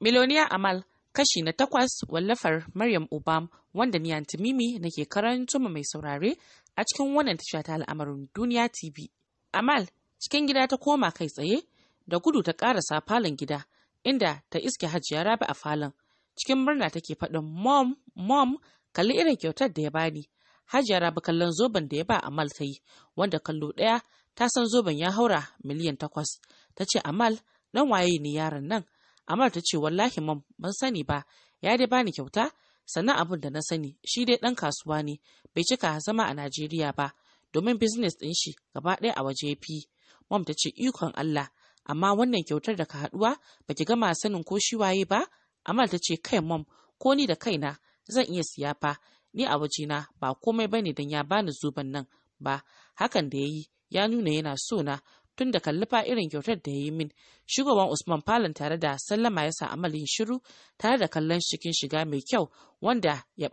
Miloniya Amal kashi na takwas wallafar Maryam Obam wanda ni nake karanto mai saurare a cikin wannan tasha ta al'amarin duniya TV. Amal cikin gida ta koma kai tsaye da gudu ta karasa falon gida inda ta iske hajiya rabi a falon. Cikin murna take faɗin mom mom kalli irin kyautar da ya bani. Hajiya rabi kallon zoben da ya ba Amal ta yi wanda kallo ɗaya ta san zoben ya haura miliyan takwas. Ta ce Amal dan waye ne yaron nan? Amar ta ce wallahi mam ban sani ba ya dai bani kyauta sannan abin da na sani shi dai ɗan kasuwa ne bai cika zama a Najeriya ba domin bizines ɗin shi gaba ɗaya a waje fi. Mom ta ce ikon Allah amma wannan kyautar da ka haɗuwa ki gama sanin ko shi waye ba Amal ta ce kai mom ko ni da kaina zan iya siya fa ni a waje na ba komai bane dan ya bani zuban nan ba hakan da yayi ya nuna yana so na tun da kalli irin kyautar da ya yi min shugaban usman falon tare da sallama ya sa amalin shiru tare da kallon cikin shiga mai kyau wanda ya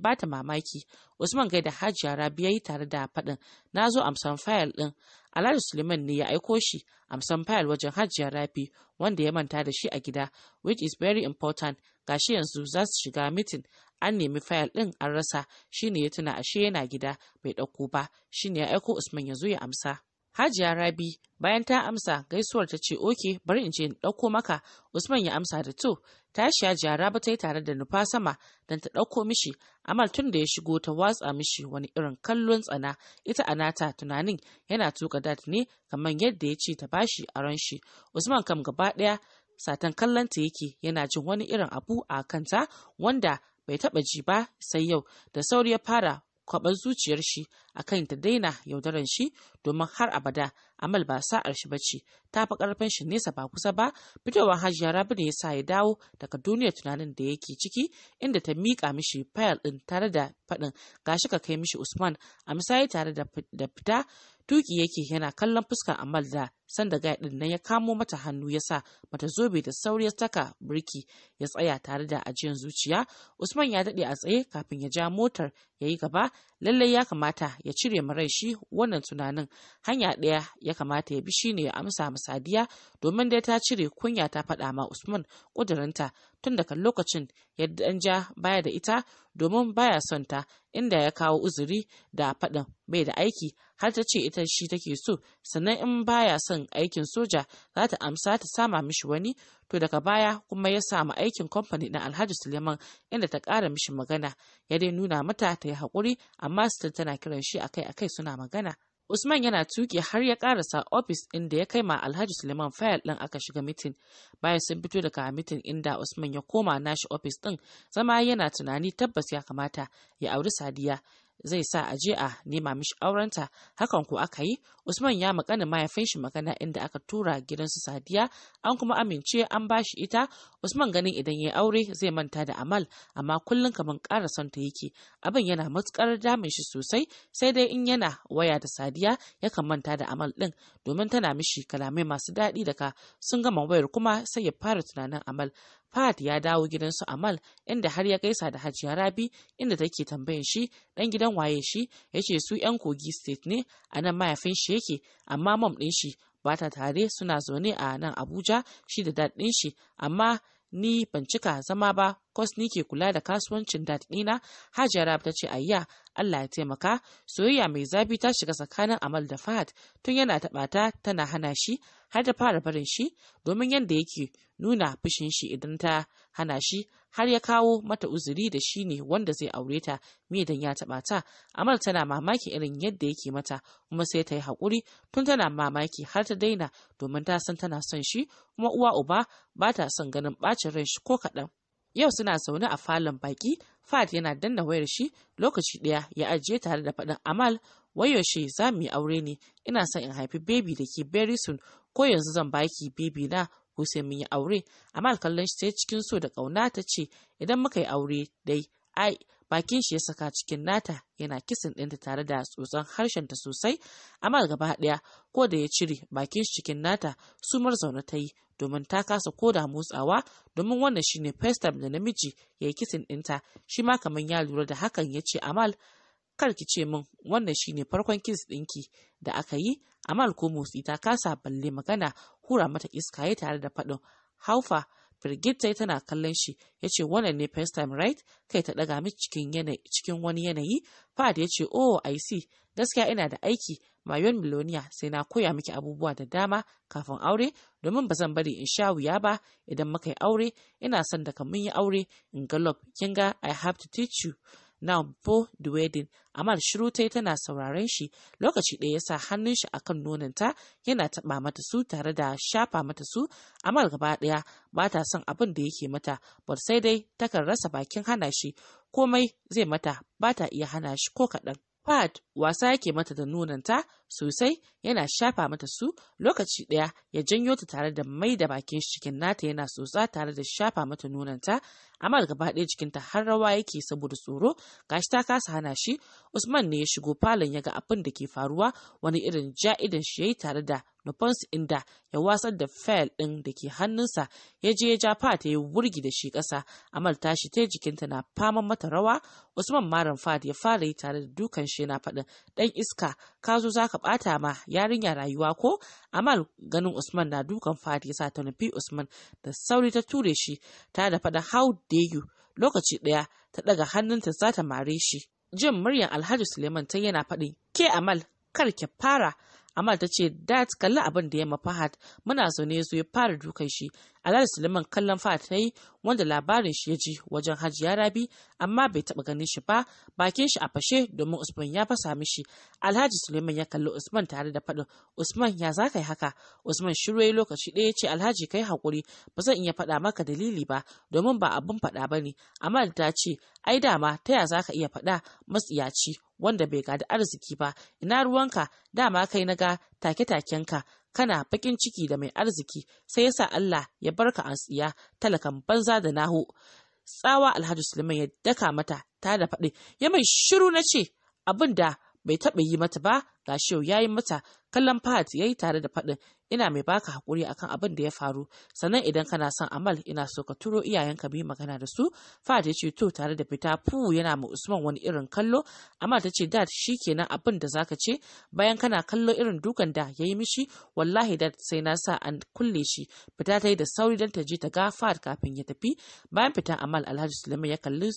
bata mamaki usman gaida hajiya ya yi tare da faɗin na zo amsan fayil ɗin alhaji suleiman ne ya aiko shi amsan fayil wajen hajiya Rabi. wanda ya manta da shi a gida which is very important Ga shi yanzu za su shiga mitin an nemi fayil ɗin an rasa shine ya tuna ashe yana gida bai ɗauko ba shine ya aiko usman ya zo ya amsa Hajiya Rabi bayan ta amsa gaisuwar ta ce oke bari in ce in ɗauko maka Usman ya amsa da to tashi Hajiya Rabi ta yi tare da nufa sama don ta ɗauko mishi Amal tun da ya shigo ta watsa mishi wani irin kallon tsana ita a nata tunanin yana tuka dat ne kamar yadda ya ce ta bashi ran shi Usman kam gaba ɗaya satan kallon ta yake yana jin wani irin abu a kanta wanda bai taɓa ji ba sai yau da sauri ya fara kwaban zuciyar shi akan ta daina yaudaran shi domin har abada amal ba sa'ar shi bace ta fi karfin shi nesa ba kusa ba fitowar hajiya rabi ne sa ya dawo daga duniya tunanin da yake ciki inda ta miƙa mishi fayal ɗin tare da faɗin gashi ka kai mishi usman a misali tare da fita tuki yake yana kallon fuskar amal da sanda gaya din nan ya kamo mata hannu ya sa mata zobe da sauri ya taka birki ya tsaya tare da ajiyar zuciya usman ya daɗe a tsaye kafin ya ja motar ya yi gaba lallai ya kamata ya cire marai shi wannan tunanin hanya ɗaya ya kamata ya bi shine ya amsa ma sadiya domin dai ta cire kunya ta faɗa ma usman ƙudurinta tun daga lokacin yadda an ja baya da ita domin baya son ta inda ya kawo uzuri da faɗin bai da aiki har ta ce ita shi take so sannan in baya son aikin soja za ta amsa ta sama mishi wani to daga baya kuma ya samu aikin kamfani na alhaji suleiman inda ta kara mishi magana ya dai nuna mata ta yi haƙuri amma still tana kiran shi akai-akai suna magana Usman yana tuki har ya karasa ofis inda ya kai ma Alhaji Suleiman fayil ɗin aka shiga mitin. Bayan sun fito daga mitin inda Usman ya koma nashi ofis ɗin zama yana tunani tabbas ya kamata ya auri Sadiya zai sa a je a nema mishi aurenta hakan ko aka yi usman ya makana mahaifin shi magana inda aka tura gidansu sadiya an kuma amince an bashi ita usman ganin idan ya aure zai manta da amal amma kullum kamar ƙara son ta yake abin yana matukar damun shi sosai sai dai in yana waya da sadiya yakan manta da amal ɗin. domin tana mishi kalamai masu daɗi daga sun gama wayar kuma sai ya fara tunanin amal Fahad ya dawo gidan gidansu Amal inda har ya gaisa da Hajiya Rabi inda take tambayin shi dan gidan waye shi yace su yan Kogi State ne a nan mahaifin shi yake amma mom din shi ba ta tare suna zaune a nan Abuja shi da dad shi amma ni ban cika zama ba kos ni ke kula da kasuwancin dat Hajiya hajara ta ce ayya Allah ya taimaka soyayya mai zafi ta shiga tsakanin amal da fahad tun yana taɓata tana hana shi har da fara barin shi domin yadda yake nuna fushin shi idan ta hana shi har ya kawo mata uzuri da shi ne wanda zai aure ta me dan ya taɓa ta amal tana mamaki irin yadda yake mata kuma sai ta yi haƙuri tun tana mamaki har ta daina domin ta san tana son shi kuma uwa uba ba ta son ganin ɓacin ran shi ko kaɗan Yau suna zaune a falon baki, fad yana danna wayar shi lokaci ɗaya ya ajiye tare da faɗin Amal wayaushe za mu yi aure ne ina son in haifi baby da ke very soon ko yanzu zan baki baby na ko sai mun yi aure Amal kallon shi sai cikin so da ƙauna ta ce idan muka yi aure dai ai bakin shi ya saka cikin nata yana kisan ɗinta tare da harshen ta sosai amal gaba ɗaya ko da ya cire bakin shi cikin nata sumar zaune ta yi domin ta kasa ko da motsawa domin wannan shine first time da namiji ya yi kisin ɗinta shi ma kamar ya lura da hakan ya ce amal kar ki ce min wannan shine farkon kis ɗinki da aka yi amal ko motsi ta kasa balle magana hura mata iska ya tare da faɗin haufa firgit ta tana kallon shi ya ce wannan ne first time right kai ta daga mi cikin wani yanayi fahad ya ce oh i see gaskiya ina da aiki mayon miloniya sai na koya miki abubuwa da dama kafin aure domin ba zan bari in sha wuya ba idan muka yi aure ina son da mun yi aure in galop kinga i have to teach you now before the wedding amal shiru ta yi tana sauraren shi lokaci ɗaya ya sa hannun shi akan nonanta yana taɓa mata su tare da shafa mata su amal gaba ɗaya ba ta son abin da yake mata but sai dai takan rasa bakin hana shi komai zai mata ba ta iya hana shi ko kaɗan Fahad wasa yake mata da nonanta sosai yana shafa mata su lokaci daya ya janyo ta tare da mai da bakin shi cikin nata yana tsotsa tare da shafa mata nunanta amma gaba ɗaya jikinta har rawa yake saboda tsoro gashi ta kasa hana shi usman ne ya shigo falon ya ga abin da ke faruwa wani irin ja'idan shi yayi tare da nufansu inda ya watsar da fayil ɗin da ke hannunsa ya je ya ja fata ya wurgi da shi ƙasa amal tashi ta jikinta na faman mata rawa usman maran fad ya fara yi tare da dukan shi yana faɗin ɗan iska ka zo za ka ka bata ma yarinya rayuwa ko amal ganin usman na dukan fati yasa ta nufi usman da sauri ta ture shi ta da fada how dare you lokaci ɗaya ta ɗaga hannunta za ta mare shi jin muryar alhaji suleiman ta yana faɗin ke amal kar ki fara Amal ta ce dat kalli abin da ya ma Fahad muna zaune su ya fara dukan shi. Alhaji Suleiman kallon Fahad ta yi wanda labarin shi ya ji wajen Hajiya Rabi amma bai taɓa ganin shi ba bakin shi a fashe domin Usman ya fasa mishi. Alhaji Suleiman ya kalli Usman tare da faɗin Usman ya za ka yi haka. Usman shiru ya lokaci ɗaya ce Alhaji kai hakuri, ba zan iya faɗa maka dalili ba domin ba abin faɗa ba ne. Amal ta ce ai dama ta ya za ka iya faɗa matsiyaci wanda bai gada arziki ba ina ruwanka dama kai na ga take-takenka kana bakin ciki da mai arziki sai yasa Allah ya barka an tsiya talakan banza da nahu tsawa Alhaji Suleiman ya daka mata ta da faɗi ya mai shiru na ce abin da bai taɓa yi mata ba ga shi ya yi mata kallon Fahad ya yi tare da faɗin ina mai baka hakuri akan abin da ya faru sannan idan kana son amal ina so ka turo iyayenka biyu magana da su Fahad ya ce to tare da fita fu yana ma Usman wani irin kallo amma ta ce dad kenan abin da zaka ce bayan kana kallo irin dukan da ya yi mishi wallahi dad sai na sa an kulle shi fita ta yi da sauri don ta je ta ga Fahad kafin ya tafi bayan fita amal Alhaji Sulaiman ya kalli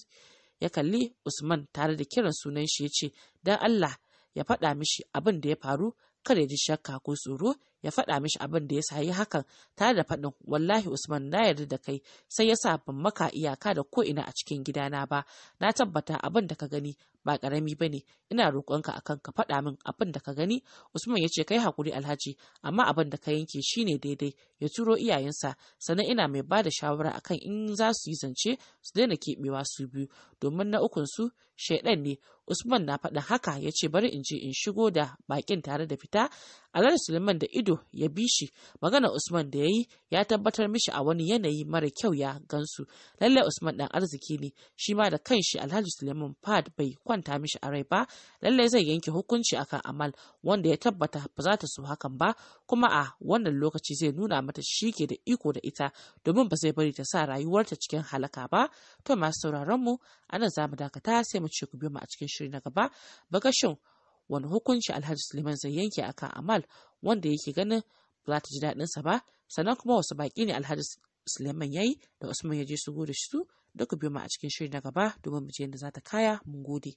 ya kalli Usman tare da kiran sunan shi ya ce, "Dan Allah ya faɗa mishi abin da ya faru, kar ya ji shakka ko tsoro ya faɗa mishi abin da ya sa yi hakan tare da faɗin wallahi usman na yarda da kai sai ya sa ban maka iyaka da ko ina a cikin gidana ba na tabbata abin da ka gani ba karami bane ina roƙonka akan ka faɗa min abin da ka gani usman ya ce kai hakuri alhaji amma abin da ka yanke shine daidai ya turo iyayensa sannan ina mai ba da shawara akan in za su yi zance su daina keɓewa su biyu domin na ukun su shaidan ne usman na faɗin haka ya ce bari in je in shigo da bakin tare da fita alhaji suleiman da ido ya bi shi magana usman da ya yi ya tabbatar mishi a wani yanayi mara kyau ya gansu lallai usman dan arziki ne shi ma da kanshi alhaji suleiman fad bai kwanta mishi a rai ba lallai zai yanke hukunci akan amal wanda ya tabbata ba za ta so hakan ba kuma a wannan lokaci zai nuna mata shi ke da iko da ita domin ba zai bari ta sa rayuwarta cikin halaka ba to masu sauraron mu anan za mu dakata sai mu ce ku biyo mu a cikin shiri na gaba bakashin wani hukunci alhaji suleiman zai yanke akan amal wanda yake ganin ba za ta ji daɗinsa ba sannan kuma wasu baƙi ne alhaji suleiman ya yi da usman ya je su gode su duka biyu ma a cikin shiri na gaba domin mu je yadda za ta kaya mun gode.